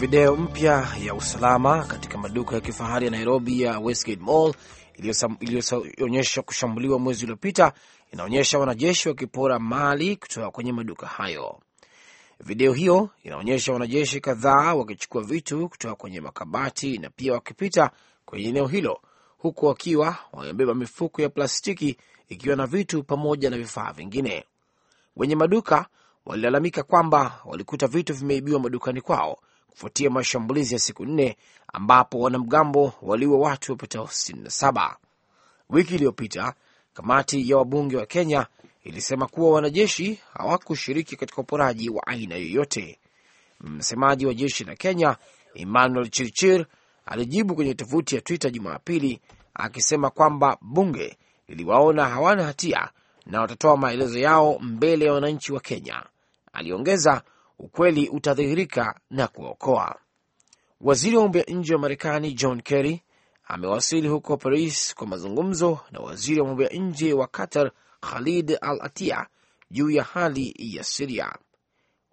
video mpya ya usalama katika maduka ya kifahari ya Nairobi ya Westgate Mall iliyoonyesha kushambuliwa mwezi uliopita inaonyesha wanajeshi wakipora mali kutoka kwenye maduka hayo. Video hiyo inaonyesha wanajeshi kadhaa wakichukua vitu kutoka kwenye makabati na pia wakipita kwenye eneo hilo, huku wakiwa wamebeba mifuko ya plastiki ikiwa na vitu pamoja na vifaa vingine. Wenye maduka walilalamika kwamba walikuta vitu vimeibiwa madukani kwao kufuatia mashambulizi ya siku nne ambapo wanamgambo waliwa watu wapatao 67. Wiki iliyopita kamati ya wabunge wa Kenya ilisema kuwa wanajeshi hawakushiriki katika uporaji wa aina yoyote. Msemaji wa jeshi la Kenya Emmanuel Chirchir alijibu kwenye tovuti ya Twitter Jumapili akisema kwamba bunge liliwaona hawana hatia na watatoa maelezo yao mbele ya wananchi wa Kenya. Aliongeza ukweli utadhihirika na kuokoa. Waziri wa mambo ya nje wa Marekani John Kerry amewasili huko Paris kwa mazungumzo na waziri wa mambo ya nje wa Qatar Khalid Al Atia juu ya hali ya Siria.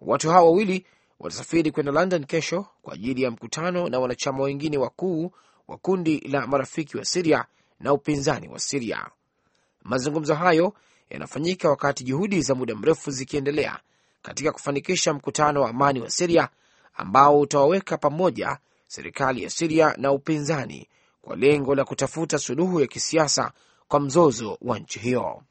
Watu hawa wawili watasafiri kwenda London kesho kwa ajili ya mkutano na wanachama wengine wakuu wa kundi la marafiki wa Siria na upinzani wa Siria. Mazungumzo hayo yanafanyika wakati juhudi za muda mrefu zikiendelea katika kufanikisha mkutano wa amani wa Siria ambao utawaweka pamoja serikali ya Siria na upinzani kwa lengo la kutafuta suluhu ya kisiasa kwa mzozo wa nchi hiyo.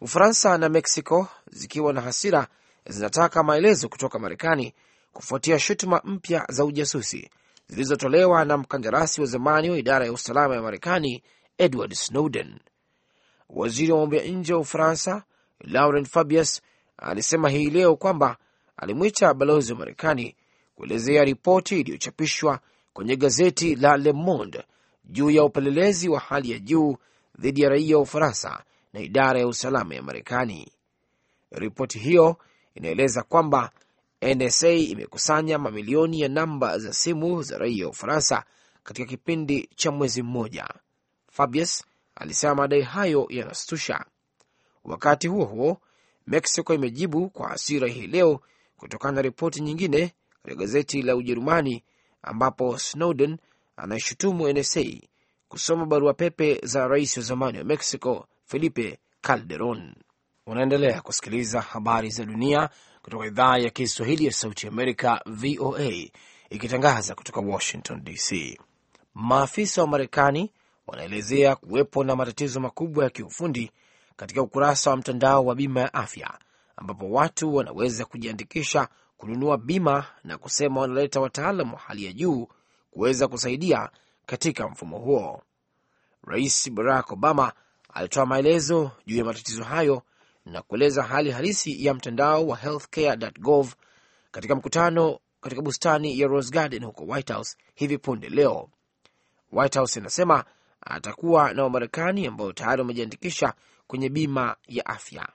Ufaransa na Meksiko zikiwa na hasira zinataka maelezo kutoka Marekani kufuatia shutuma mpya za ujasusi zilizotolewa na mkandarasi wa zamani wa idara ya usalama ya Marekani Edward Snowden. Waziri wa mambo ya nje wa Ufaransa Laurent Fabius alisema hii leo kwamba alimwita balozi wa Marekani kuelezea ripoti iliyochapishwa kwenye gazeti la Le Monde juu ya upelelezi wa hali ya juu dhidi ya raia wa Ufaransa na idara ya usalama ya Marekani. Ripoti hiyo inaeleza kwamba NSA imekusanya mamilioni ya namba za simu za raia wa Ufaransa katika kipindi cha mwezi mmoja. Fabius alisema madai hayo yanastusha. Wakati huo huo, Mexico imejibu kwa hasira hii leo kutokana na ripoti nyingine katika gazeti la Ujerumani ambapo Snowden anaishutumu NSA kusoma barua pepe za rais wa zamani wa Mexico Felipe Calderon. Unaendelea kusikiliza habari za dunia kutoka idhaa ya Kiswahili ya Sauti Amerika, VOA, ikitangaza kutoka Washington DC. Maafisa wa Marekani wanaelezea kuwepo na matatizo makubwa ya kiufundi katika ukurasa wa mtandao wa bima ya afya, ambapo watu wanaweza kujiandikisha kununua bima na kusema wanaleta wataalam wa hali ya juu kuweza kusaidia katika mfumo huo. Rais Barack Obama alitoa maelezo juu ya matatizo hayo na kueleza hali halisi ya mtandao wa healthcare.gov katika mkutano katika bustani ya Rose Garden huko White House hivi punde leo. White House inasema atakuwa na Wamarekani ambao tayari wamejiandikisha kwenye bima ya afya.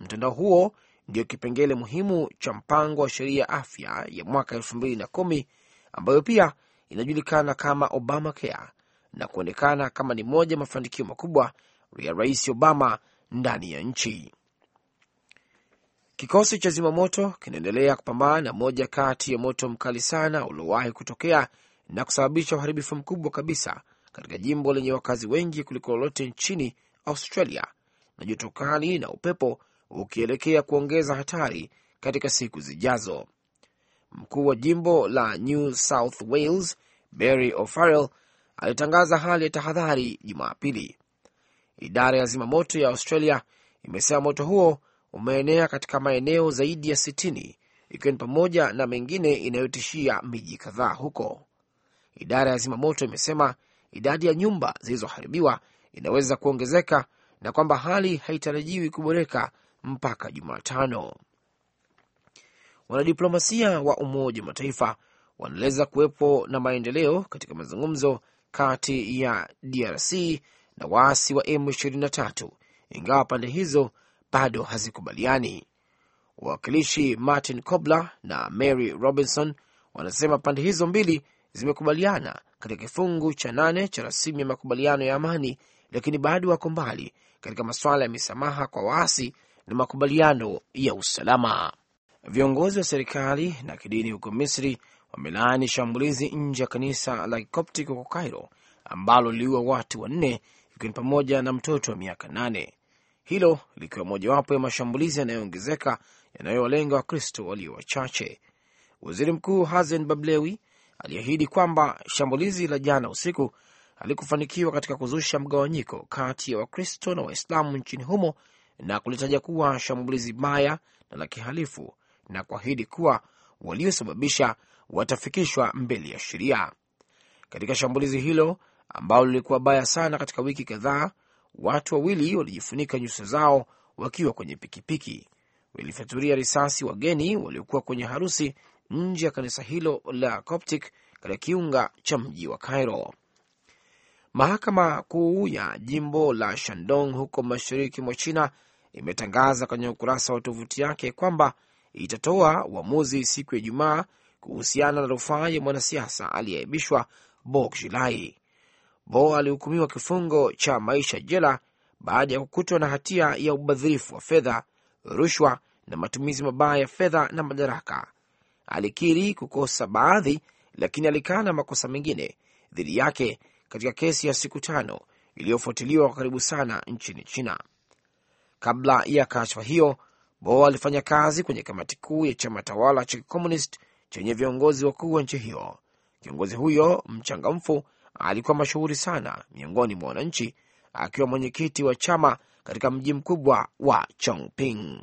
Mtandao huo ndio kipengele muhimu cha mpango wa sheria ya afya ya mwaka elfu mbili na kumi ambayo pia inajulikana kama Obamacare na kuonekana kama ni moja mafanikio makubwa ya Rais Obama ndani ya nchi. Kikosi cha zimamoto kinaendelea kupambana na moja kati ya moto mkali sana uliowahi kutokea na kusababisha uharibifu mkubwa kabisa katika jimbo lenye wakazi wengi kuliko lolote nchini Australia na joto kali na upepo ukielekea kuongeza hatari katika siku zijazo. Mkuu wa jimbo la New South Wales Barry O'Farrell alitangaza hali ya tahadhari Jumapili. Idara ya zimamoto ya Australia imesema moto huo umeenea katika maeneo zaidi ya 60 ikiwa ni pamoja na mengine inayotishia miji kadhaa huko. Idara ya zimamoto imesema idadi ya nyumba zilizoharibiwa inaweza kuongezeka na kwamba hali haitarajiwi kuboreka mpaka Jumatano. Wanadiplomasia wa Umoja wa Mataifa wanaeleza kuwepo na maendeleo katika mazungumzo kati ya DRC na waasi wa M23 ingawa pande hizo bado hazikubaliani. Wawakilishi Martin Kobler na Mary Robinson wanasema pande hizo mbili zimekubaliana katika kifungu cha nane cha rasimu ya makubaliano ya amani lakini bado wako mbali katika masuala ya misamaha kwa waasi na makubaliano ya usalama. Viongozi wa serikali na kidini huko Misri wamelaani shambulizi nje ya kanisa la Koptic huko Cairo ambalo liliua watu wanne ikiwa ni pamoja na mtoto wa miaka nane, hilo likiwa mojawapo ya mashambulizi yanayoongezeka yanayowalenga Wakristo walio wachache. Waziri Mkuu Hazen Bablewi aliahidi kwamba shambulizi la jana usiku alikufanikiwa katika kuzusha mgawanyiko kati ya Wakristo na Waislamu nchini humo na kulitaja kuwa shambulizi baya na la kihalifu na kuahidi kuwa waliosababisha watafikishwa mbele ya sheria. Katika shambulizi hilo ambalo lilikuwa baya sana katika wiki kadhaa, watu wawili walijifunika nyuso zao wakiwa kwenye pikipiki, walifyatulia risasi wageni waliokuwa kwenye harusi nje ya kanisa hilo la Coptic katika kiunga cha mji wa Cairo. Mahakama kuu ya jimbo la Shandong huko mashariki mwa China imetangaza kwenye ukurasa wa tovuti yake kwamba itatoa uamuzi siku ya Ijumaa kuhusiana na rufaa ya mwanasiasa aliyeaibishwa Bo Xilai. Bo alihukumiwa kifungo cha maisha jela baada ya kukutwa na hatia ya ubadhirifu wa fedha, rushwa na matumizi mabaya ya fedha na madaraka. Alikiri kukosa baadhi, lakini alikana makosa mengine dhidi yake katika kesi ya siku tano iliyofuatiliwa kwa karibu sana nchini China. Kabla ya kashfa hiyo, Bo alifanya kazi kwenye kamati kuu ya chama tawala cha Kikomunist chenye viongozi wakuu wa nchi hiyo. Kiongozi huyo mchangamfu alikuwa mashuhuri sana miongoni mwa wananchi, akiwa mwenyekiti wa chama katika mji mkubwa wa Chongping.